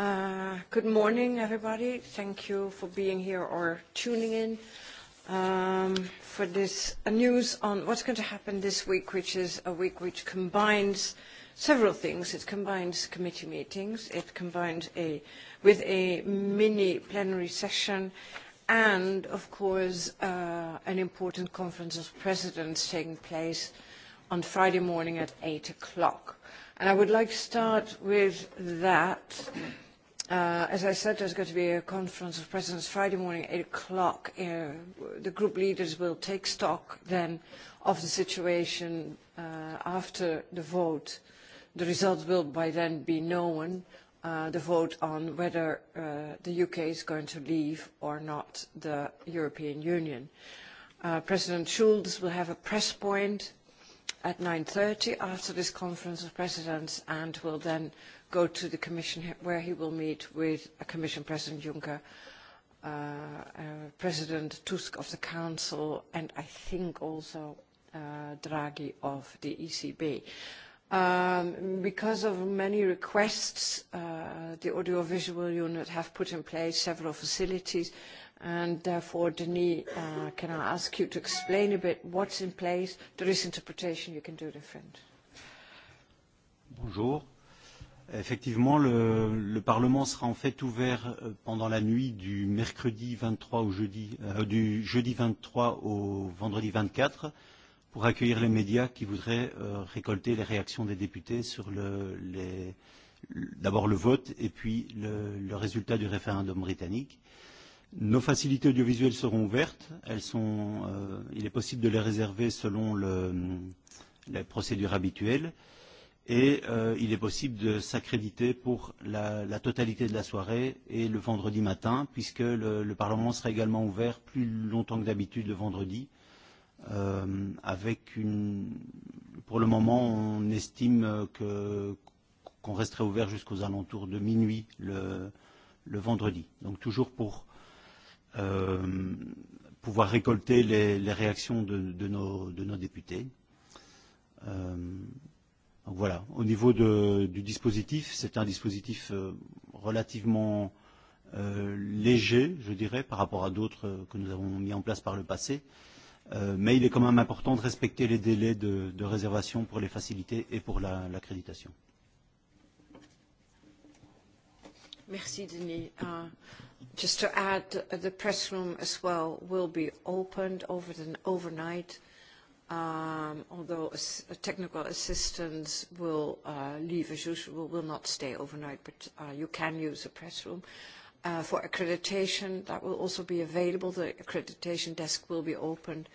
Uh, good morning, everybody. Thank you for being here or tuning in um, for this news on what's going to happen this week, which is a week which combines several things. It combines committee meetings, it combines a, with a mini plenary session, and, of course, uh, an important conference of presidents taking place on Friday morning at 8 o'clock. And I would like to start with that as I said, there's going to be a conference of presidents Friday morning, at 8 o'clock. the group leaders will take stock then of the situation after the vote. The result will by then be known, the vote on whether the UK is going to leave or not the European Union. President Schulz will have a press point at 9.30 after this conference of presidents and will then go to the commission where he will meet with commission president juncker, uh, uh, president tusk of the council, and i think also uh, draghi of the ecb. Um, because of many requests, uh, the audiovisual unit have put in place several facilities And therefore, Denis, uh, can I ask you to explain a bit what's in place? There is interpretation you can do different. Bonjour. Effectivement, le, le Parlement sera en fait ouvert pendant la nuit du mercredi 23 au jeudi, euh, du jeudi 23 au vendredi 24 pour accueillir les médias qui voudraient euh, récolter les réactions des députés sur le, les, d'abord le vote et puis le, le résultat du référendum britannique. Euh, Nos facilités audiovisuelles seront ouvertes. Elles sont, euh, il est possible de les réserver selon le, les procédures habituelles. Et euh, il est possible de s'accréditer pour la, la totalité de la soirée et le vendredi matin, puisque le, le Parlement sera également ouvert plus longtemps que d'habitude le vendredi. Euh, avec une, pour le moment, on estime que, qu'on resterait ouvert jusqu'aux alentours de minuit le, le vendredi. Donc toujours pour euh, pouvoir récolter les, les réactions de, de, nos, de nos députés. Euh, donc voilà, au niveau de, du dispositif, c'est un dispositif relativement euh, léger, je dirais, par rapport à d'autres que nous avons mis en place par le passé. Euh, mais il est quand même important de respecter les délais de, de réservation pour les facilités et pour l'accréditation. La, Merci, Denis. Uh, just to add, the press room as well will be opened over overnight, um, although technical assistance will uh, leave as usual, will not stay overnight, but uh, you can use the press room. Uh, for accreditation, that will also be available. The accreditation desk will be opened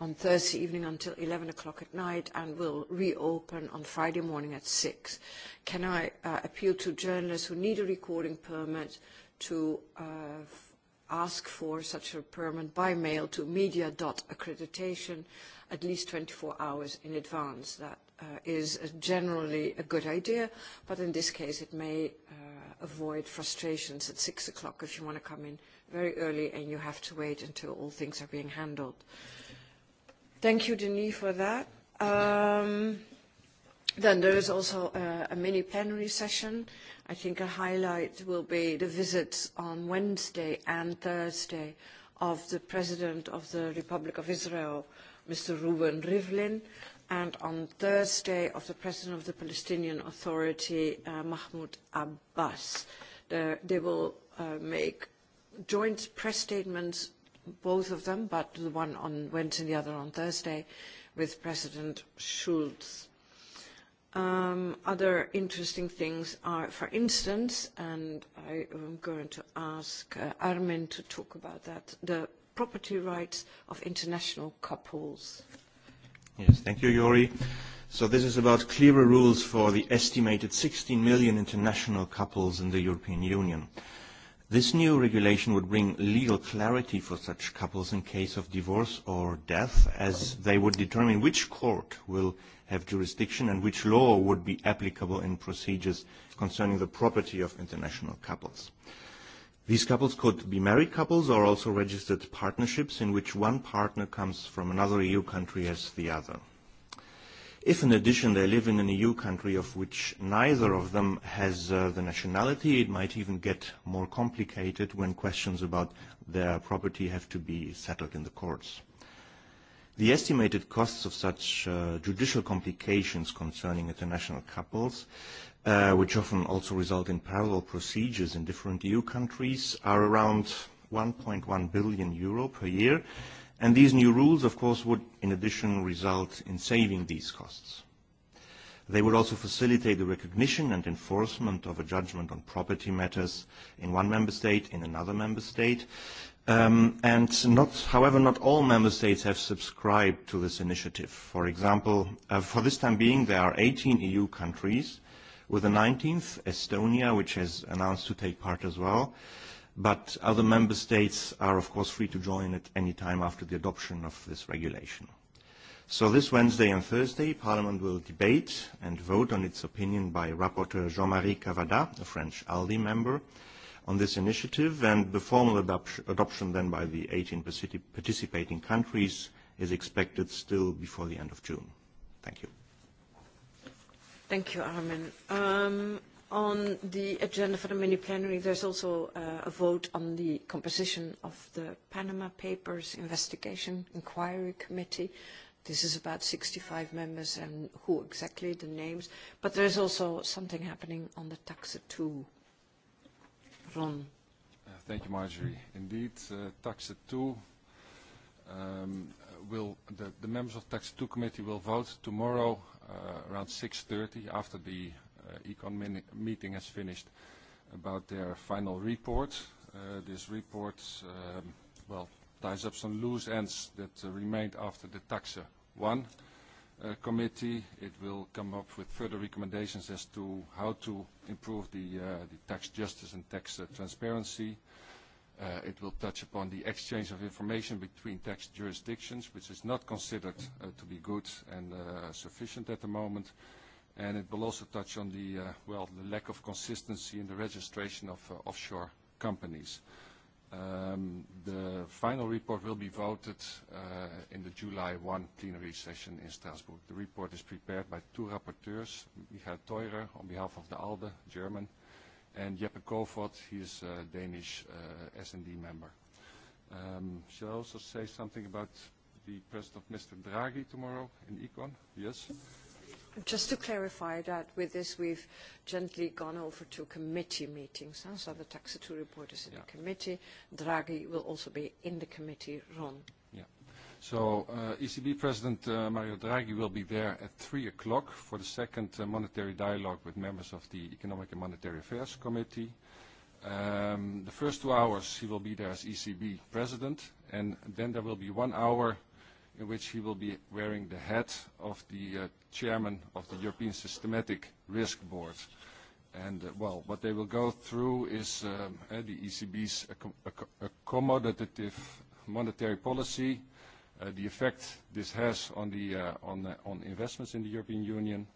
on Thursday evening until 11 o'clock at night and will reopen on Friday morning at 6. Can I uh, appeal to journalists who need a recording permit to uh, ask for such a permit by mail to media.accreditation at least 24 hours in advance? That uh, is generally a good idea, but in this case it may uh, avoid frustrations at 6 o'clock if you want to come in very early and you have to wait until all things are being handled. Thank you, Denis, for that. Um, then there is also a, a mini plenary session. I think a highlight will be the visits on Wednesday and Thursday of the President of the Republic of Israel, Mr. Ruben Rivlin, and on Thursday of the President of the Palestinian Authority, uh, Mahmoud Abbas. They will uh, make joint press statements both of them, but the one on Wednesday and the other on Thursday with President Schulz. Um, other interesting things are, for instance, and I am going to ask uh, Armin to talk about that, the property rights of international couples. Yes, thank you, Yori. So this is about clearer rules for the estimated 16 million international couples in the European Union. This new regulation would bring legal clarity for such couples in case of divorce or death, as they would determine which court will have jurisdiction and which law would be applicable in procedures concerning the property of international couples. These couples could be married couples or also registered partnerships in which one partner comes from another EU country as the other. If in addition they live in an EU country of which neither of them has uh, the nationality, it might even get more complicated when questions about their property have to be settled in the courts. The estimated costs of such uh, judicial complications concerning international couples, uh, which often also result in parallel procedures in different EU countries, are around 1.1 billion euro per year, And these new rules, of course, would in addition result in saving these costs. They would also facilitate the recognition and enforcement of a judgment on property matters in one member state, in another member state. Um, and not, however, not all member states have subscribed to this initiative. For example, uh, for this time being, there are 18 EU countries, with the 19th, Estonia, which has announced to take part as well, but other member states are, of course, free to join at any time after the adoption of this regulation. So this Wednesday and Thursday, Parliament will debate and vote on its opinion by Rapporteur Jean-Marie Cavada, a French ALDI member, on this initiative, and the formal adoption then by the 18 participating countries is expected still before the end of June. Thank you. Thank you, Armin. Um, On the agenda for the mini plenary, there's also uh, a vote on the composition of the Panama Papers Investigation Inquiry Committee. This is about 65 members and who exactly the names. But there's also something happening on the taxa 2. Ron. Uh, thank you, Marjorie. Indeed, uh, taxa 2 um, will the, the members of taxa 2 committee will vote tomorrow uh, around 6:30 after the Econ meeting has finished about their final report. This report, well, ties up some loose ends that remained after the Taxa 1 committee. It will come up with further recommendations as to how to improve the uh the tax justice and tax transparency. Uh It will touch upon the exchange of information between tax jurisdictions, which is not considered uh to be good and uh sufficient at the moment and it will also touch on the, uh well, the lack of consistency in the registration of uh offshore companies. Um The final report will be voted uh in the July 1 plenary session in Strasbourg. The report is prepared by two rapporteurs, Michael Teurer on behalf of the ALDE, German, and Jeppe Kofod, he is a Danish uh S&D member. Um Shall I also say something about the presence of Mr. Draghi tomorrow in Econ? Yes. Just to clarify that with this, we've gently gone over to committee meetings. Huh? So the Taxa report is in yeah. the committee. Draghi will also be in the committee, Ron. Yeah. So uh, ECB President uh, Mario Draghi will be there at 3 o'clock for the second uh, monetary dialogue with members of the Economic and Monetary Affairs Committee. Um, the first two hours he will be there as ECB President, and then there will be one hour in which he will be wearing the hat of the uh, chairman of the European Systematic Risk Board. And, uh, well, what they will go through is um, uh, the ECB's accommodative monetary policy, uh, the effect this has on, the, uh, on, uh, on investments in the European Union,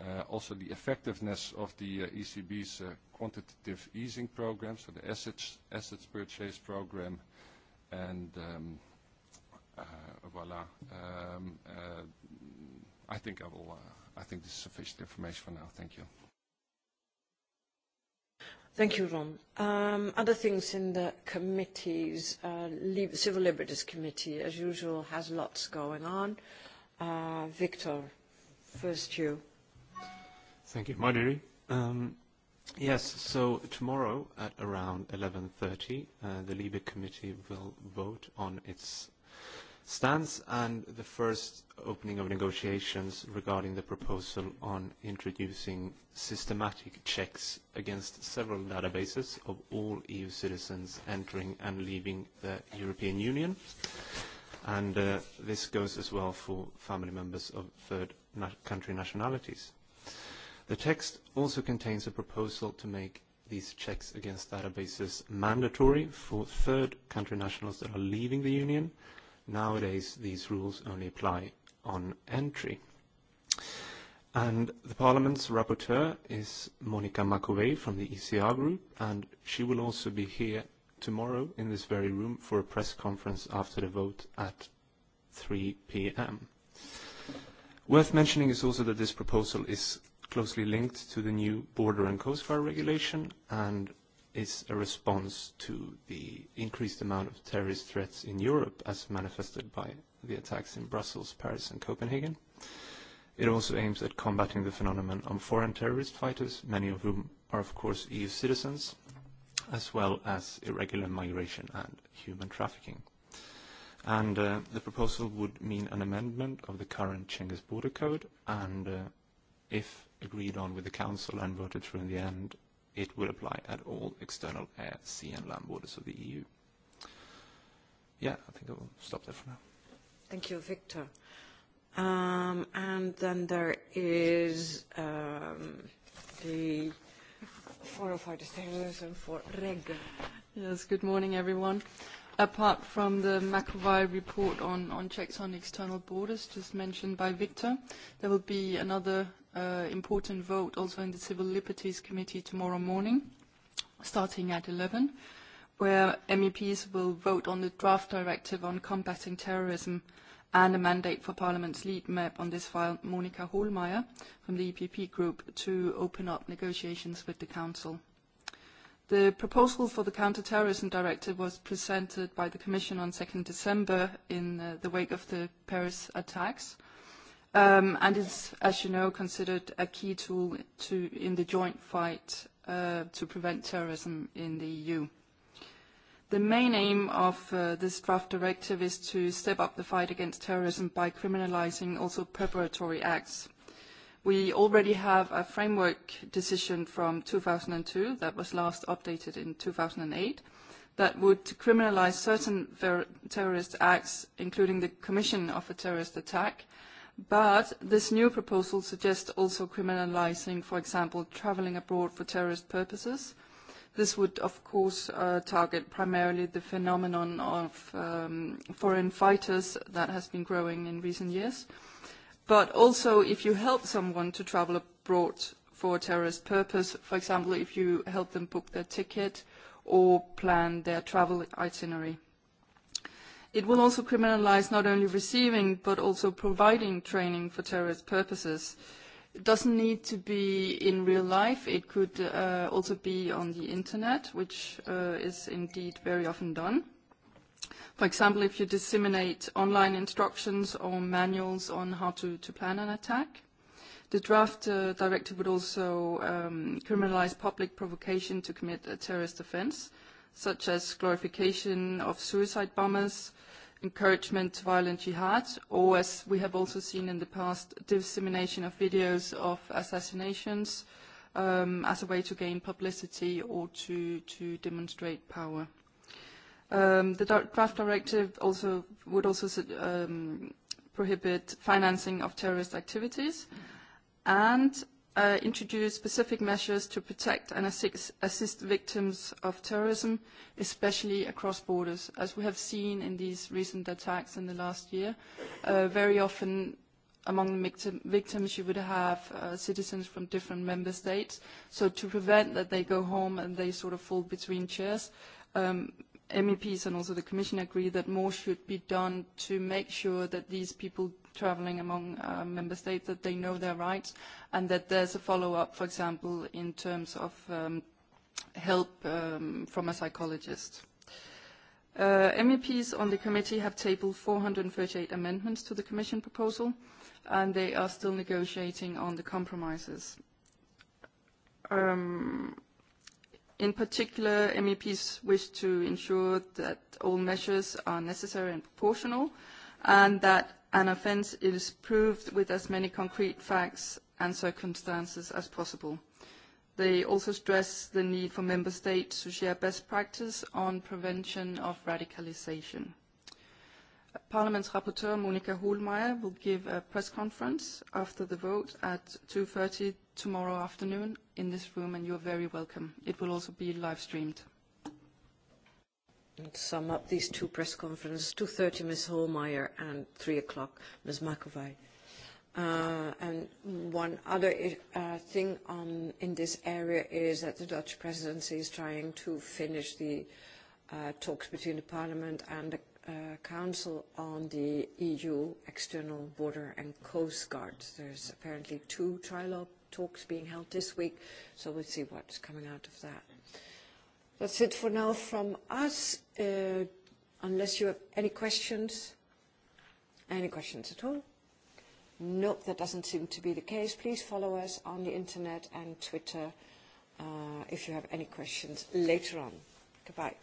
uh, also the effectiveness of the uh, ECB's uh, quantitative easing program, so the assets, assets purchase program, and um, inshallah. Um, uh, I think I will. Uh, I think this is sufficient information for now. Thank you. Thank you, Ron. Um, other things in the committees, uh, Civil Liberties Committee, as usual, has lots going on. Uh, Victor, first you. Thank you, Marjorie. Um, Yes, so tomorrow at around 11.30, uh, the LIBE committee will vote on its stance and the first opening of negotiations regarding the proposal on introducing systematic checks against several databases of all EU citizens entering and leaving the European Union. And this goes as well for family members of third country nationalities. The text also contains a proposal to make these checks against databases mandatory for third country nationals that are leaving the Union Nowadays, these rules only apply on entry. And the Parliament's rapporteur is Monica McAvey from the ECR Group, and she will also be here tomorrow in this very room for a press conference after the vote at 3 p.m. Worth mentioning is also that this proposal is closely linked to the new border and coast guard regulation, and is a response to the increased amount of terrorist threats in Europe as manifested by the attacks in Brussels, Paris and Copenhagen. It also aims at combating the phenomenon of foreign terrorist fighters, many of whom are of course EU citizens, as well as irregular migration and human trafficking. And uh, the proposal would mean an amendment of the current Schengen Border Code and uh, if agreed on with the Council and voted through in the end, it will apply at all external air, sea, and land borders of the EU. Yeah, I think I'll stop there for now. Thank you, Victor. Um, and then there is um, the 405 Decision for REG. Yes, good morning, everyone. Apart from the McAvoy report on, on checks on external borders, just mentioned by Victor, there will be another uh, important vote also in the Civil Liberties Committee tomorrow morning, starting at 11, where MEPs will vote on the draft directive on combating terrorism and a mandate for Parliament's lead map on this file, Monica Hohlmeier from the EPP group, to open up negotiations with the Council. The proposal for the counter-terrorism directive was presented by the Commission on 2nd December in the wake of the Paris attacks um, and is, as you know, considered a key tool to, in the joint fight uh, to prevent terrorism in the EU. The main aim of uh, this draft directive is to step up the fight against terrorism by criminalising also preparatory acts. We already have a framework decision from 2002 that was last updated in 2008 that would criminalise certain terrorist acts, including the commission of a terrorist attack, But this new proposal suggests also criminalising, for example, travelling abroad for terrorist purposes. This would, of course, uh, target primarily the phenomenon of um, foreign fighters that has been growing in recent years. But also, if you help someone to travel abroad for a terrorist purpose, for example, if you help them book their ticket or plan their travel itinerary. It will also criminalise not only receiving but also providing training for terrorist purposes. It doesn't need to be in real life. It could uh, also be on the internet, which uh, is indeed very often done. For example, if you disseminate online instructions or manuals on how to, to plan an attack. The draft uh, directive would also um, criminalise public provocation to commit a terrorist offence, uh, such as glorification of suicide bombers, encouragement to violent jihad, or as we have also seen in the past, dissemination of videos of assassinations um, as a way to gain publicity or to, to demonstrate power. Um, the draft directive also would also um, prohibit financing of terrorist activities and uh, introduce specific measures to protect and assist victims of terrorism, especially across borders. As we have seen in these recent attacks in the last year, uh, very often among the victim, victims you would have uh, citizens from different member states. So to prevent that they go home and they sort of fall between chairs, um, MEPs and also the Commission agree that more should be done to make sure that these people travelling among uh, member states, that they know their rights and that there's a follow-up, for example, in terms of um, help um, from a psychologist. Uh, MEPs on the committee have tabled 438 amendments to the Commission proposal and they are still negotiating on the compromises. Um, In particular, MEPs wish to ensure that all measures are necessary and proportional, and that an offence is proved with as many concrete facts and circumstances as possible. They also stress the need for member states to share best practice on prevention of radicalisation. Parliament's rapporteur, Monika Hohlmeier, will give a press conference after the vote at 2.30 tomorrow afternoon in this room, and you're very welcome. It will also be live streamed. And sum up these two press conferences, 2.30 Ms. Hohlmeier and 3 o'clock Ms. McAvoy. Uh, and one other uh, thing on, in this area is that the Dutch presidency is trying to finish the uh, talks between the Parliament and the Council on the EU External Border and Coast Guard. There's apparently two trilogue talks being held this week, so we'll see what's coming out of that. That's it for now from us, uh, unless you have any questions. Any questions at all? Nope, that doesn't seem to be the case. Please follow us on the internet and Twitter uh, if you have any questions later on. Goodbye.